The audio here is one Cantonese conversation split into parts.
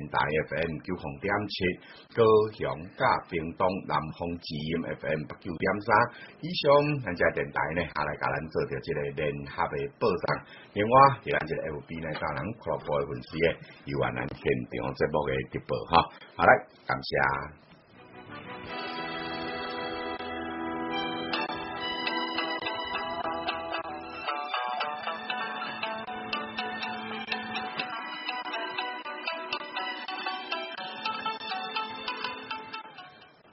電台 FM 九點七，高雄加屏東南風志音 FM 八九點三，以上咱家電台呢，下來加咱做掉一個聯合嘅播送。另外，就咱這個 FB 呢，咱人俱樂部嘅粉絲嘅，有雲南現場節目嘅直播哈。好嘞，感謝。嗯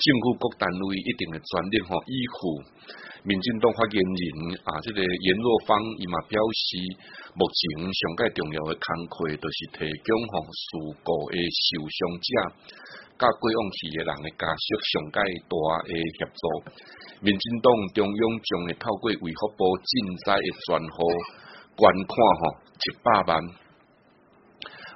政府各單位一定的全力吼，依附民進黨發言人啊，即、這個顏若芳伊嘛表示，目前上界重要的工作就是提供互事故的受傷者，甲過往死嘅人嘅家屬上界大嘅協助。民進黨中央將會透過為福部賑災嘅專戶捐款吼一百萬。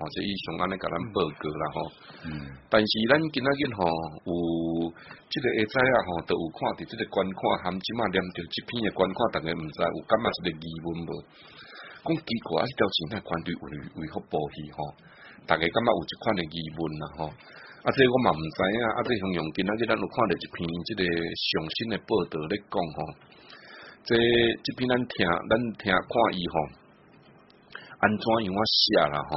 哦、吼，這伊上安尼甲咱報過啦吼，嗯，但是咱今仔日吼有這個下載啊吼，都有看這到，這有到這個觀看含即馬連着這篇的觀看，大家唔知有感覺這個疑問無？講結果啊一條錢啊，團隊為為何報去吼？大家感覺有這款的疑問啦吼，啊，這我嘛唔知啊，啊，這個、向陽今仔日咱有看到一篇這個上新的報道咧講吼，這這篇咱聽咱聽看以後，安怎樣啊寫了吼？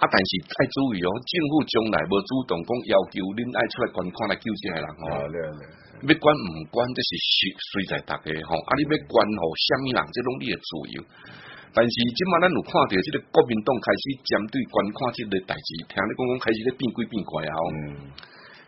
啊！但是要注意哦，政府從來冇主動講要求，你愛出來捐款嚟救濟災民。啊、哦，叻叻、啊，管、啊、關唔關即是隨在在大家，嗬！啊，啊啊你要關懷咩人，即係攏你嘅自由。但是即晚，咱有看到即個國民黨開始針對捐款，即個大事情，聽你講講，開始在變鬼變怪啊！嗯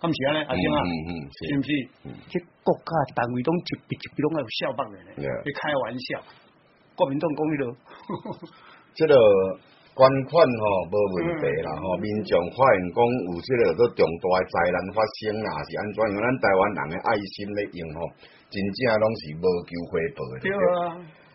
咁時咧，阿嗯嗯，嗯，是唔是，是？即、嗯、國家單位都一比一比攏係笑崩咧，去 Yeah. 開玩笑。國民眾講迄落，即落捐款吼無問題啦吼、嗯哦。民眾發言講有即、這、落、個、都重大嘅災難發生啊，還是安怎樣咱台灣人嘅愛心嚟用吼？真正攏是無求回報的。對啊。對。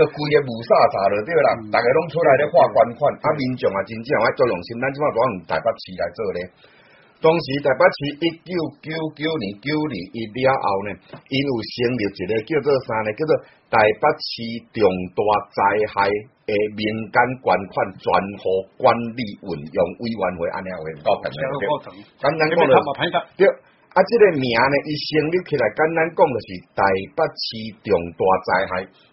整個貴嘅無沙茶對啦？大家攏出來咧化捐款，嗯、對對對對啊，民眾啊真正愛做用心，咱只話講台北市來做咧。當時台北市一九九九年九年一了後呢，因為成立一個叫做啥呢？叫做台北市重大災害嘅民間捐款專戶管理運用委員會安尼樣嘅對啊，這個名呢，一成立起來，剛剛講嘅是台北市重大災害。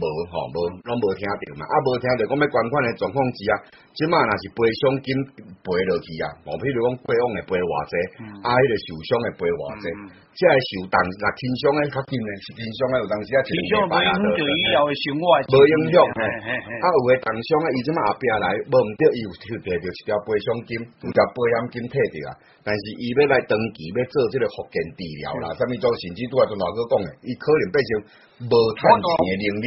無吼無攏無聽着嘛，啊無聽着講要捐款嘅狀況之下，即嘛若是賠償金賠落去啊，毛譬如講過往嘅賠偌濟，啊迄個受傷嘅賠偌濟，即係受重若輕傷咧，確定咧是輕傷喺有當時啊，輕傷冇影響就以後嘅生活冇影響，啊有嘅重傷咧，伊即嘛阿病來，冇唔得，伊有貼到一條賠償金，有一條保險金退掉啊，但是伊要來登記，要做這個福建治療啦，是什麼做甚至都係從哪個講嘅，伊可能變成無賺錢嘅能力。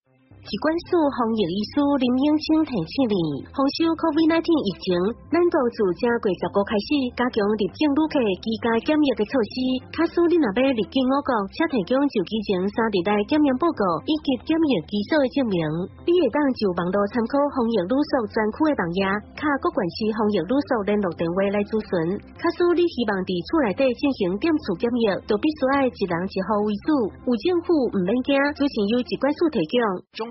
疾管署防疫醫師林英清提醒你，防休 COVID-19 疫情，咱國自正月十五開始，加強入境旅客居家檢疫嘅措施。卡蘇你若欲入境我國，請提供就醫證、三日內檢驗報告以及檢疫技術嘅證明。你會當就網絡參考防疫旅宿專區嘅網頁，較各縣市防疫旅宿聯絡電話來諮詢。卡蘇你希望佇厝內底進行點數檢疫，都必須愛一人一戶為主。有政府毋免驚，最近由疾管署提供。.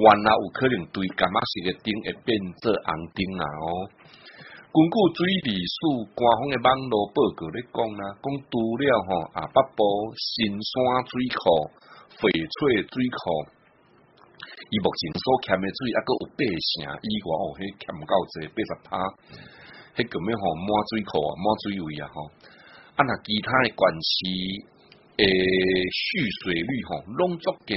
原來有可能對，幹嘛是個頂會變做紅頂啊？哦，根據水利署官方誒網絡報告，咧講啦，講除了吼啊，北部新山水庫、翡翠水庫，伊目前所欠誒水抑閣、啊、有八成，以外，哦，嘿欠較儕八十趴，嘿咁咩吼滿水庫啊，滿水位啊吼，啊那其他誒縣市誒蓄水率吼攏足嘅。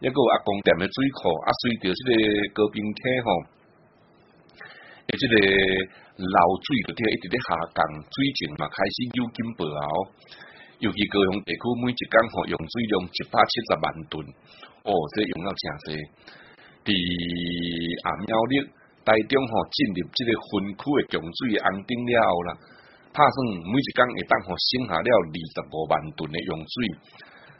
一個阿公店嘅水庫，阿隨着這個高冰期吼，這個流水就掉一直點下降，水情嘛開始又變薄啊！尤其高雄地區每一工吼用水量一百七十萬噸，哦，這用了真多。第二幺六台中喝、哦、進入這個分區嘅供水安定了後啦，拍算每一工會當吼省下了二十五萬噸嘅用水。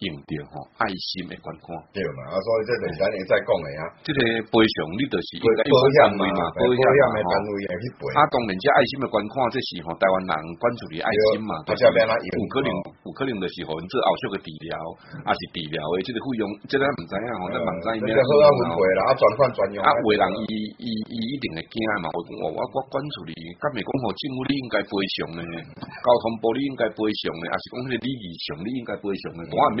用到吼愛心的觀看，對嘛？啊，所以這個等你再講嚟啊。這個賠償你都是一個單位嘛，一個單位。他講人家愛心的觀看這是吼台灣人關注的愛心嘛。不可能，不可能，就是說你做後續的治療，還是治療的這個費用，這個唔知啊，我真蠻知咩。這好難分啦，啊，專款專用。啊，偉人，一定係驚嘛。我我我關注你，今美國政府你應該賠償嘞，交通部你應該賠償嘞，還是講你你賠你應該賠償嘞，我唔明。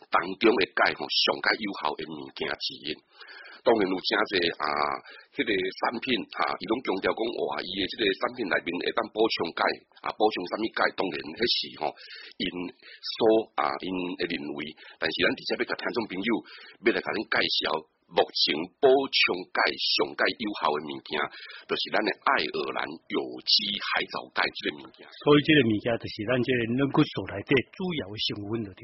當中的鈣和上鈣有效的物件之一，當然有真儕啊，迄個產品哈，伊攏強調講話，伊嘅這個產品內面會當補充鈣啊，補充啥物鈣，當然迄時吼，因、哦、所啊因嘅認為，但是咱直接要甲聽眾朋友要來甲恁介紹目前補充鈣上鈣有效的物件，就是咱的愛爾蘭有機海藻鈣即個物件。所以，這個物件就是咱即個軟骨素內底主要嘅成分對了掉。